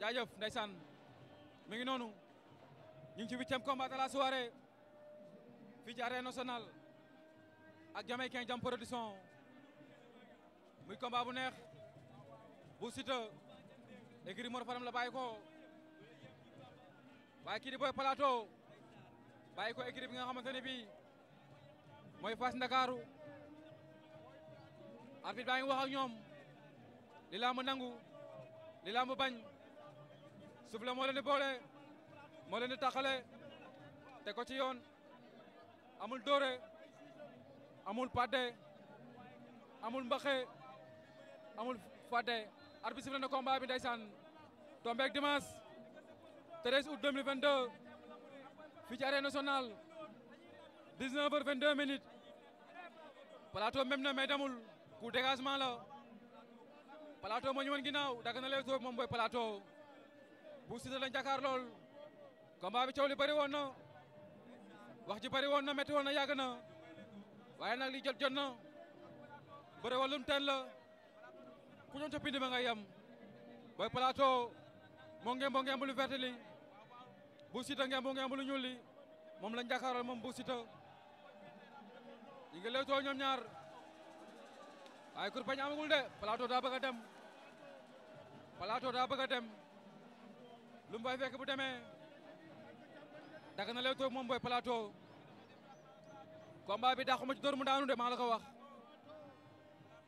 jaajëf ndeysaan mi ngi noonu ñu ngi ci huitième combat de la soirée fii ci arène nationale ak Jamaïcain Jam Production muy combat bu neex bu Siteu écurie Mor Fadam la bàyyi ko waaye kii di Boy ko écurie bi nga xamante ne bii mooy Fass Ndakaaru arbitre baa ngi wax ak ñoom li laa mu nangu li laa bañ suuf la moo boole moo leen di te ko ci yoon amul dóore amul padde amul mbaxe amul fadde arbitre sifflé na combat bi ndeysaan tombeeg dimanche 13 août 2022 fii ci arène nationale 19 heures 22 minutes plateau même mais demul ku dégagement la plateau moo ñu woon ginnaaw na lay toog moom booy Bou lañ la jàkkaar lool combat bi coow li bëri na wax ji bëri woon na métti na yàgg na waaye nag li jot jot na bëri wàllum teen la ku ñoon ca ma nga yem Boy Plateau moo ngeen bu lu verte li Bou Siteu bu lu ñuul li moom lañ jàkkaarool moom Bou Siteu ñi ngi lewtoo ñoom ñaar waaye kurpañ amagul de Plateau daa bëgg a dem Plateau daa bëgg a dem lu mu bu demee daga na Leewtoo moom Boy palaato combat bi dàqu ci dóor mu daanu de maa la ko wax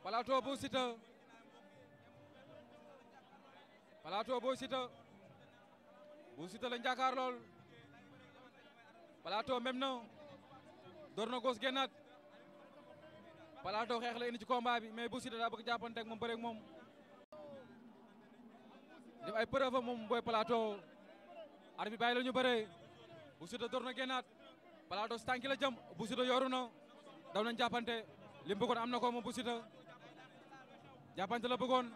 Plateau bu Siteu Plateau bu Siteu bu Siteu lañ jàkkaar lool Plateau même na dóor na góos génnaat Plateau xeex la indi ci combat bi mais bu daa bëgg jàppante ak mom bëre ak moom def ay preuve moom Boy Plateau arbitre bi bàyyi la ñu bëree Bou Siteu door na génnaat Plateau si tànki la jëm Bou Siteu yoru na daw nañ jàppante li mu bëggoon am na ko moom Bou Siteu la bëggoon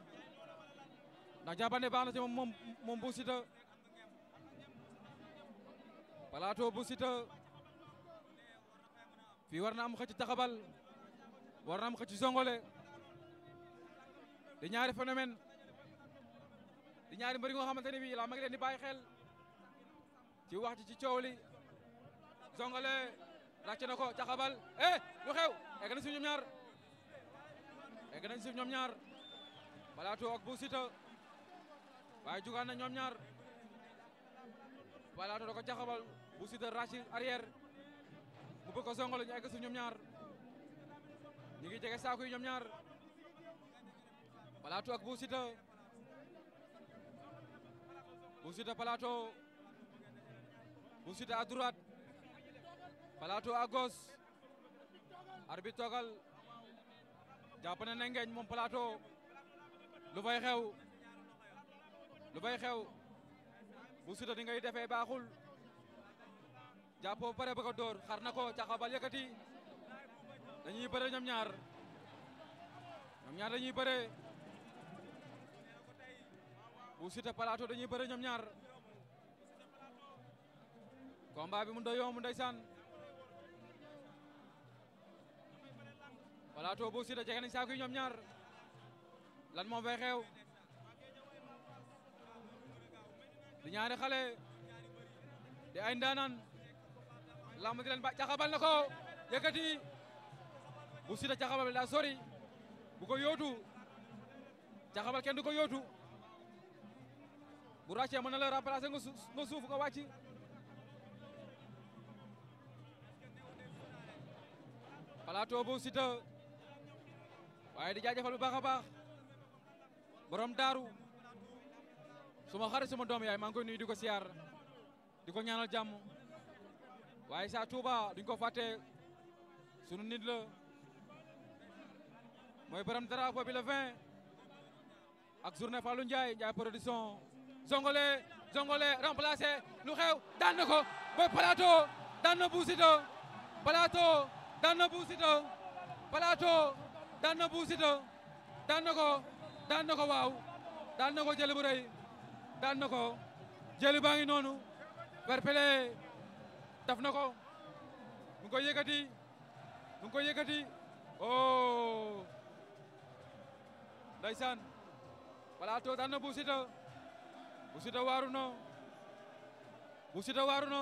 ndax jàppante baax na moom moom Bou Siteu Plateau Bou war na am xëcc taxabal war na am xëcc zongole di ñaari phénomène di ñaari mbëri nga xamante ne bii laa ma ngi leen di bàyyi xel ci wax ci ci coow li Zongale ràcc na ko caxabal eh lu xew egg nañ suuf ñoom ñaar egg nañ suuf ñoom ñaar Plateau ak Bou Siteu waaye jugaan na ñoom ñaar Plateau da ko caxabal Bou Siteu ràcc arrière mu bëgg ko Zongale ñu egg suuf ñoom ñaar ñu ngi jege saako yi ñoom ñaar Plateau ak Bou Bou Siteu Plateau Bou Siteu à droite Plateau à gauche jàpp na ne ngeeñ moom Plateau lu fay xew lu fay xew Bou Siteu di ngay defee baaxul jàppoo pare bëgg a dóor xar na ko caxabal yëkkati dañuy bëre ñoom ñaar ñoom ñaar dañuy bëre bu Siteu Plateau dañuy bëre ñoom ñaar combat bi mu doy yomb ndeysaan Plateau bu Siteu jege nañ ñoom ñaar lan moo fay xew di ñaari xale di ay ndaanan lamb di leen ba caxabal na ko yëkkati bu Siteu caxabal daa sori bu ko yóotu caxabal kenn ko yóotu bu ràccee mën na la remplacer nga suuf nga nga wàcc plateau bu Siteu waaye di jaajëfal bu baax a baax borom daru suma xarit suma doom yaay maa ngi koy nuyu di ko jamu. di saya ñaanal dinko waaye saa Touba duñ ko fàtte sunu nit la mooy borom drapeau bi le 20 ak journée production Zongole Zongole remplacé lu xew daan na ko Boy Plateau daan na Bou Siteu Plateau daan na Bou Siteu Plateau ko daan ko waaw daan na ko jël bu rëy ko jël ngi noonu perpele daf na ko mu ngi koy yëkkati mu ngi koy yëkkati oh ndeysaan bu Siteu waaru na bu waaru na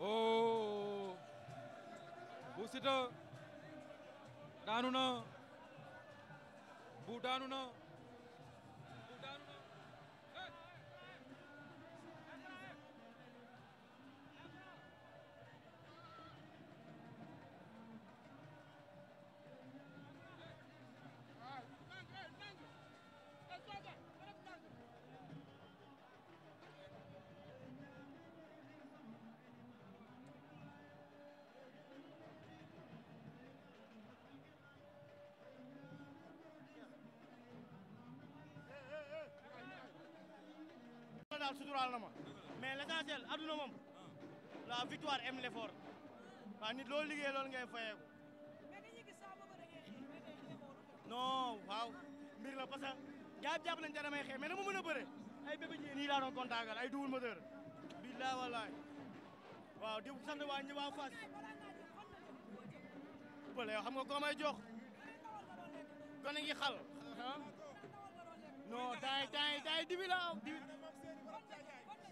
oh bu daanu na bu daanu na daal na ma mais l'essentiel adduna moom la victoire aime l'effort waaw nit loolu liggéey loolu ngay fayeeku non waaw mbir la parce que gars yi jàpp nañ te damay xee mais dama a bëre ay bébé ji nii laa doon kontagal ay double moteur billaay wallaay waaw di sant waa ñi waa Fass bële yow xam nga koo may jox gone gi xal non tay tay tay dibi la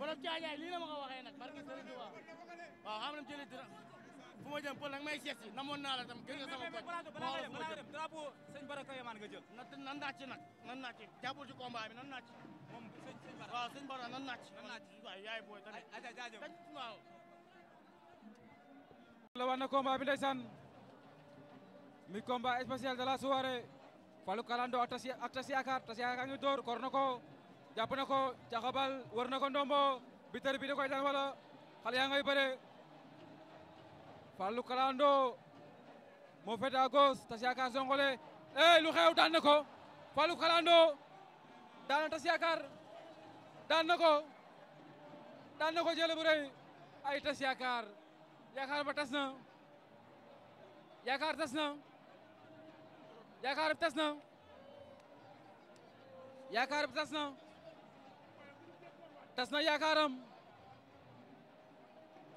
borom caajaay lii la ma ko waxee nag barke Sëriñ Tuubaa waaw xam nam jëli dara fu ma jëm pël nag may seet si namoon naa la tam gën nga sama koñ drapeau sëñ Bara Kawemaan nga jël na nan naaj ci nag nan naaj ci jàppul ci combat bi nan naaj ci moom sëñ Bara waaw sëñ Bara nan naaj ci nan naaj ci waaw yaay booy tamit jaajëf waaw la war na combat bi ndeysaan mi combat spécial de la soirée Fallou Kalando ak tas yaakaar tas yaakaar ngi door kor na ko jàpp na ko caxabal war na ko ndombo bitar bi da koy daan wala xale yaa ngay bëre Fallou Kalando moo féete à gauche Tass Yakar Songole eh lu xew daan na ko Fallou Kalando daan na Tass Yakar daan na ko daan na ko jël bu ay Tass Yakar Yakar ba tas na Yakar tas na Yakar bi tas na Yakar bi tas na तस्नयाकारम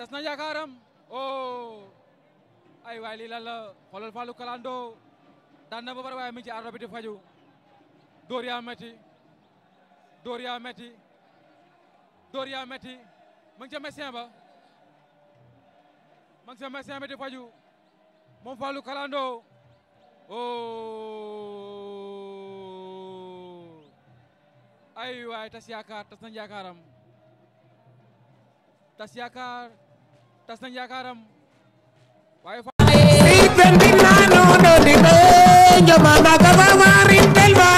तस्नयाकारम oh ay waay lii lan la xoolal Fallou Kalando daan na ba pare waaye mi ngi ci ardo bi di faju dóor yaa métti dóor yaa métti dóor yaa métti ma ngi ca médecin ba ma ngi ca médecin bi di faju moom Fallou Kalando oh ay waay tas yaakaar tas nañ yaakaaram tas yaakaar tas nañ yaakaaram waaye fa